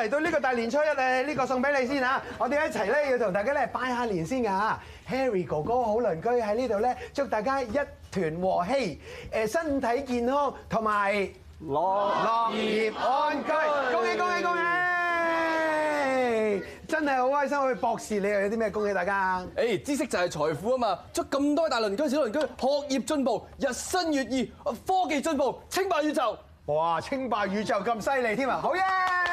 嚟到呢個大年初一，誒呢個送俾你先嚇。我哋一齊咧要同大家咧拜下年先㗎嚇。Harry 哥哥好，鄰居喺呢度咧，祝大家一團和氣，誒身體健康同埋樂業安居。恭喜恭喜恭喜！真係好開心！生，我嘅博士，你又有啲咩恭喜大家？誒知識就係財富啊嘛！祝咁多大鄰居小鄰居學業進步，日新月異，科技進步，稱霸宇宙。哇！稱霸宇宙咁犀利添啊！好嘢！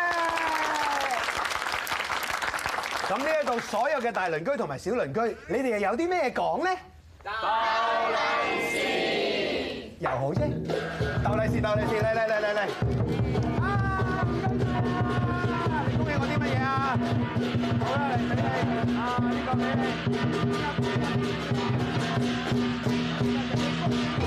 咁呢一度所有嘅大鄰居同埋小鄰居，你哋又有啲咩講咧？鬥利是又好啫，鬥利是鬥利是嚟嚟嚟嚟嚟！啊！你恭喜我啲乜嘢啊？好啦，嚟俾你啊！你講咩？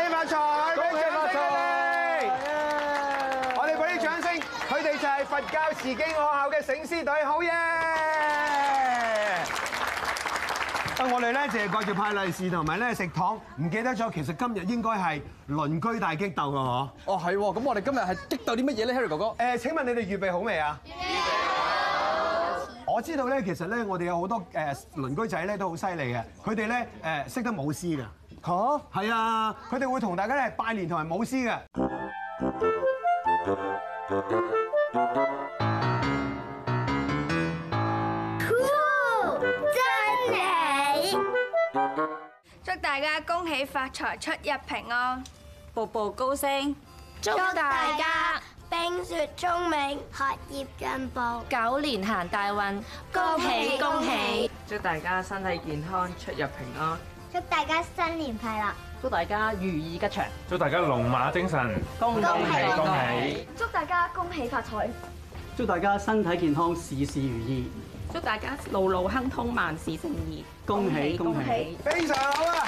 發財，恭喜發財！我哋俾啲掌聲，佢哋就係佛教慈敬學校嘅醒獅隊，好嘢！啊，我哋咧就係掛住派利是同埋咧食糖，唔記得咗。其實今日應該係鄰居大激鬥嘅嗬。哦，係，咁我哋今日係激鬥啲乜嘢咧，Harry 哥哥？誒，請問你哋預備好未啊？預備好。我知道咧，其實咧，我哋有好多誒鄰居仔咧都好犀利嘅，佢哋咧誒識得舞獅㗎。嚇，係啊！佢哋會同大家嚟拜年同埋舞獅嘅。真喜，祝大家恭喜發財，出入平安，步步高升。祝大家冰雪聰明，學業進步，九年行大運，恭喜恭喜！祝大家身體健康，出入平安。祝大家新年快樂！祝大家如意吉祥！祝大家龍馬精神恭！恭喜恭喜！祝大家恭喜發財！祝大家身體健康，事事如意！祝大家路路亨通，萬事勝意！恭喜恭喜！非常好啊！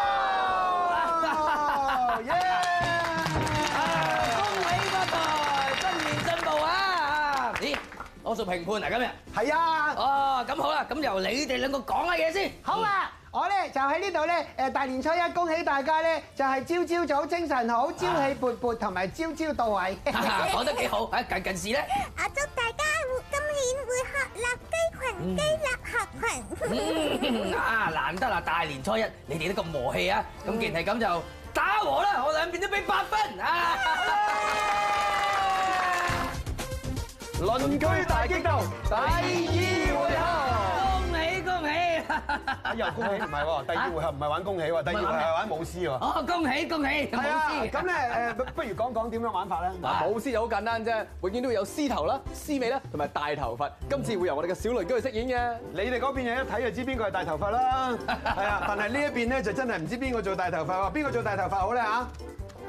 評判嗱，今日係啊，哦，咁好啦，咁由你哋兩個講下嘢先。好啦，我咧就喺呢度咧，誒，大年初一恭喜大家咧，就係朝朝早精神好，朝氣勃勃同埋朝朝到位。講得幾好，近近時咧。啊，祝大家今年會鶴立雞群，雞立鶴群。啊，難得啊，大年初一你哋都咁和氣啊，咁既然係咁就打和啦，我兩邊都俾八分啊。鄰居大激鬥第二，第二回合，恭喜恭喜！又、哎、恭喜唔係第二回合，唔係玩恭喜喎，第二回合係玩舞獅喎。哦，恭喜恭喜！係啊，咁咧誒，不如講講點樣玩法咧？嗱、啊，舞獅就好簡單啫，永遠都會有獅頭啦、獅尾啦、同埋大頭佛。今次會由我哋嘅小鄰居去飾演嘅，你哋嗰邊又一睇就知邊個係大頭佛啦。係啊，但係呢一邊咧就真係唔知邊個做大頭佛喎，邊個做大頭佛？頭佛好咧吓！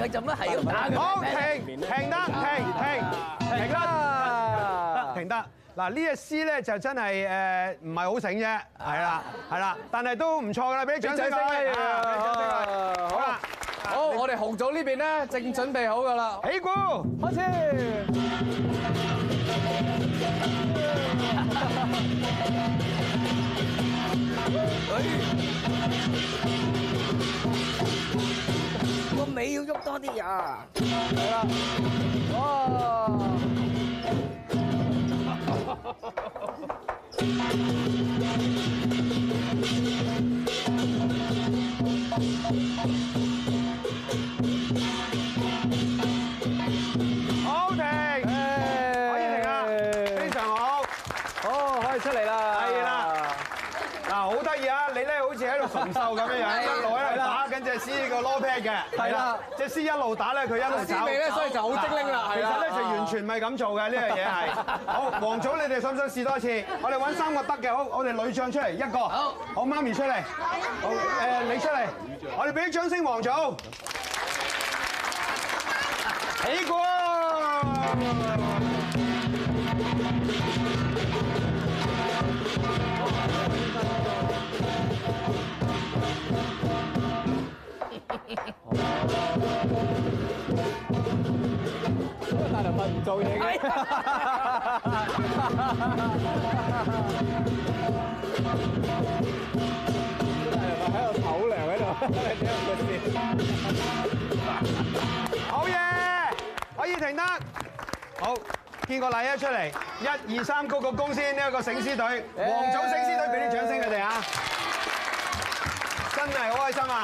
佢就咁樣係咁打嘅，好停停得停停停得停得嗱，呢一詩咧就真係誒唔係好醒啫，係啦係啦，但係都唔錯啦，俾啲掌聲先啦，好啦，好我哋紅組呢邊咧正準備好嘅啦，起鼓開始。你要喐多啲呀，係啦，哇，好停，歡迎你呀，非常好，好，可以出嚟啦，得意啦，嗱，好得意啊，你咧好似喺度神獸咁樣樣。師個 lope 嘅係啦，隻師一路打咧，佢一路走。師妹咧，所以就好精靈啦。係啦，其實咧就完全唔係咁做嘅呢樣嘢係。好，黃組，你哋想唔想試多一次？我哋揾三個得嘅，好，我哋女將出嚟一個。好，我媽咪出嚟。係啦。好，誒，你出嚟。女將。我哋俾啲掌聲黃組。起鼓。都係人民做嘢嘅，都係人民喺度唞涼，喎都係點樣嘅事。好嘢，可以停得，好，見個禮一出嚟，一二三，鞠個躬先。呢一個醒獅隊，黃組醒獅隊，俾啲掌聲佢哋啊，真係好開心啊！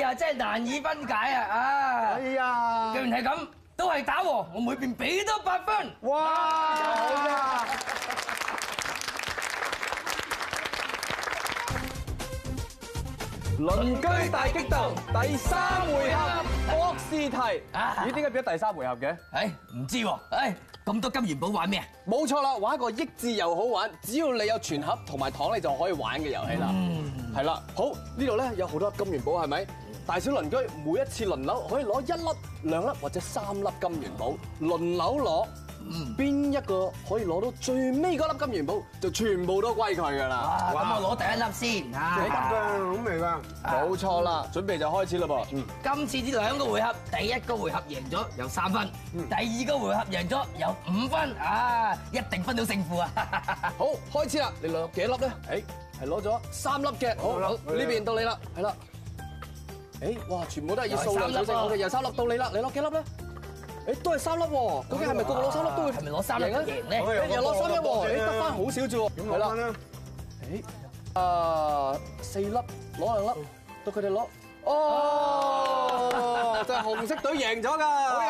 呀，真係難以分解啊！啊，既然係咁，都係打和，我每邊俾多八分。哇！好嘢！鄰居大激鬥第三回合博士題，咦？點解變咗第三回合嘅？誒，唔知喎。誒，咁多金元寶玩咩啊？冇錯啦，玩一個益智又好玩，只要你有全盒同埋糖，你就可以玩嘅遊戲啦。嗯，係啦。好，呢度咧有好多金元寶，係咪？大小鄰居每一次輪流可以攞一粒、兩粒或者三粒金元寶，輪流攞，邊一個可以攞到最尾嗰粒金元寶，就全部都歸佢噶啦。咁我攞第一粒先嚇。幾粒㗎？好味㗎。冇錯啦，準備就開始嘞噃。今次呢兩個回合，第一個回合贏咗有三分，第二個回合贏咗有五分，啊，一定分到勝負啊！好，開始啦！你攞幾粒咧？誒，係攞咗三粒嘅。好，呢邊到你啦，係啦。誒，哇，全部都係要數量組成嘅，我哋由三粒到你啦，你攞幾粒咧？誒，都係三粒喎，究竟係咪個個攞三粒都會係咪攞三粒咧？又攞三粒喎，你得翻好少啫喎，係啦，誒，啊，四粒攞兩粒，到佢哋攞，哦，就係紅色隊贏咗㗎，好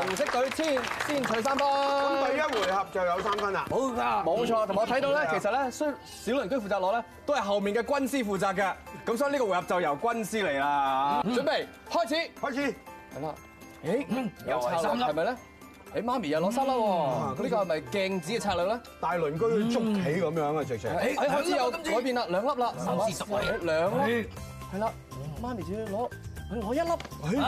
嘢，紅色隊先先取三波。回合就有三分啦、啊，好啦，冇、嗯、錯。同我睇到咧、嗯，其實咧，小鄰居負責攞咧，都係後面嘅軍師負責嘅。咁所以呢個回合就由軍師嚟啦、嗯。準備開始，開始。係啦，誒、嗯，有齊三係咪咧？誒，媽、嗯、咪又攞三粒，咁呢個係咪鏡子嘅策略咧、嗯？大鄰居捉棋咁樣、嗯欸哎、啊，直、啊、情。誒，呢又改變啦，兩粒啦，十十粒，兩粒，係啦，媽咪自己攞，攞一粒。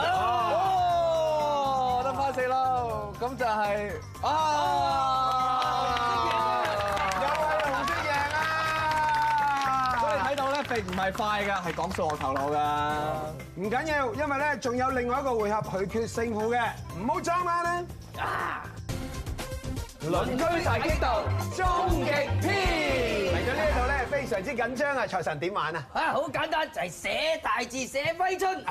快四咯，咁就係、是、啊，又係紅色贏啊！所以睇到咧，並唔係快噶，係講數學頭腦噶。唔緊要，因為咧仲有另外一個回合去決勝負嘅，唔好裝慢啦、啊。啊。鄰居大激鬥終極篇嚟到呢度咧，非常之緊張啊！財神點玩啊？啊，好簡單，就係寫大字，寫揮春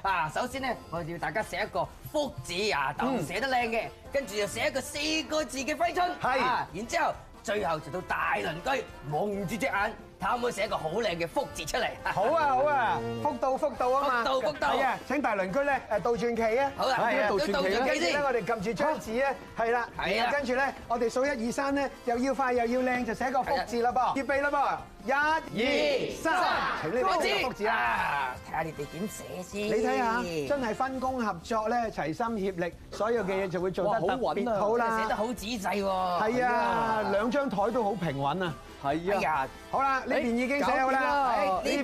啊！首先咧，我哋要大家寫一個福字啊，等寫得靚嘅，跟住又寫一個四個字嘅揮春，係。然之後，最後就到大鄰居蒙住隻眼，睇可唔可以寫一個好靚嘅福字出嚟。好啊，好啊！倒福到啊嘛！倒福到！係啊！請大鄰居咧誒倒轉旗啊！好啊！都倒轉旗先啦！我哋撳住張紙啊！係啦！係啊！跟住咧，我哋數一二三咧，又要快又要靚，就寫個福字啦噃！準備啦噃！一、二、三，寫福字啊！睇下你哋點寫先。你睇下，真係分工合作咧，齊心協力，所有嘅嘢就會做得好穩啊！好啦，寫得好仔細喎！係啊，兩張台都好平穩啊！係啊！好啦，呢邊已經寫好啦。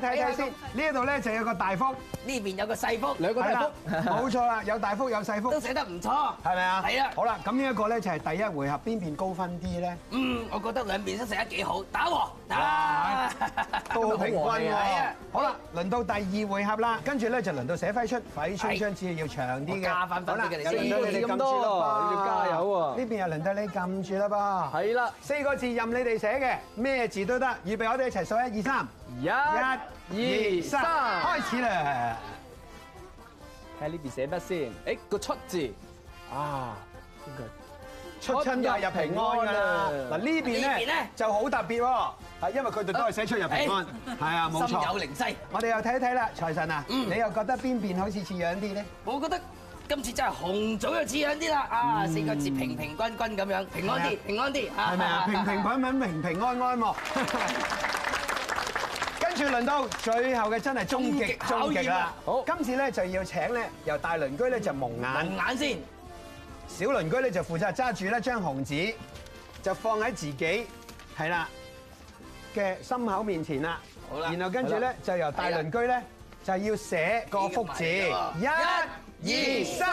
睇睇先，呢度咧就有個大福，呢邊有個細福，兩個大福，冇錯啦，有大福有細福，都寫得唔錯，係咪啊？係啦。好啦，咁呢一個咧就係第一回合，邊邊高分啲咧？嗯，我覺得兩邊都寫得幾好，打和打，都平均喎。好啦，輪到第二回合啦，跟住咧就輪到寫輝春，輝春張紙要長啲嘅。好啦，四字咁多，要有加油喎。呢邊又輪到你撳住啦噃，係啦，四個字任你哋寫嘅，咩字都得，預備我哋一齊數一二三。一二三，開始啦！睇呢邊寫乜先？誒個出字啊，出親都係入平安㗎啦！嗱呢邊咧就好特別喎，啊因為佢哋都係寫出入平安，係啊冇錯。心有靈犀，我哋又睇一睇啦，財神啊，你又覺得邊邊好似似樣啲咧？我覺得今次真係紅早又似樣啲啦！啊，四個字平平均均咁樣，平安啲，平安啲啊！係咪啊？平平穩穩，平平安安喎！今次輪到最後嘅真係終極終極啦！好，今次咧就要請咧由大鄰居咧就蒙眼，蒙眼先。小鄰居咧就負責揸住咧張紅紙，就放喺自己係啦嘅心口面前啦。好啦，然後跟住咧就由大鄰居咧就係要寫個福字。一二三，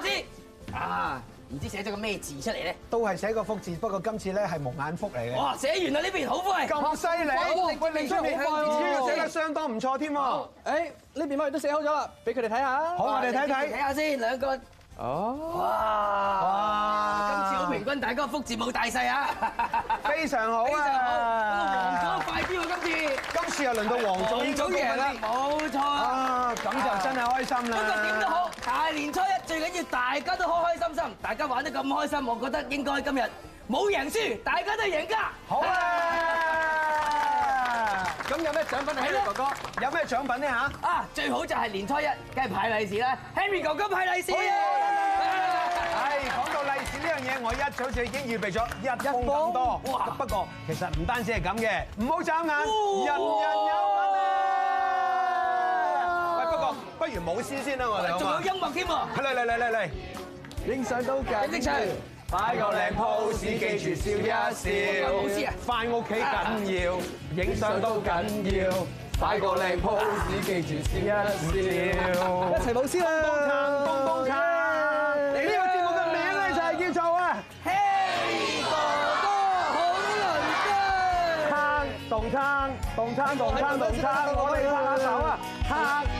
開始。啊！唔知寫咗個咩字出嚟咧？都係寫個福字，不過今次咧係無眼福嚟嘅。哇！寫完啦，呢邊好快，咁犀利！哇，你出邊兄弟寫得相當唔錯添喎。誒，呢邊乜嘢都寫好咗啦，俾佢哋睇下。好，我哋睇一睇。睇下先，兩個。哦。哇！今次好平均，大家個福字冇大細啊。非常好啊！黃哥快啲喎，今次。今次又輪到黃總嘅啦，冇錯。啊，咁就真係開心啦。年初一最緊要大家都開開心心，大家玩得咁開心，我覺得應該今日冇贏輸，大家都係贏家，好啊！咁有咩獎品啊，Henry 哥哥？有咩獎品呢吓？啊，最好就係年初一梗係派利是啦，Henry 哥哥派利是。係講到利是呢樣嘢，我一早就已經預備咗一包咁多，哇！不過其實唔單止係咁嘅，唔好眨眼。完舞獅先啦，我哋仲有音樂添喎！嚟嚟嚟嚟嚟，影相都緊，擺個靚 pose，記住笑一笑。舞獅啊！返屋企緊要，影相都緊要，擺個靚 pose，記住笑一笑。一齊舞獅啦！動唱，動動唱。你呢個節目嘅名咧就係叫做啊，希伯多好鄰居。哈！動唱，動唱，動唱，動唱，我哋拍下手啊！哈！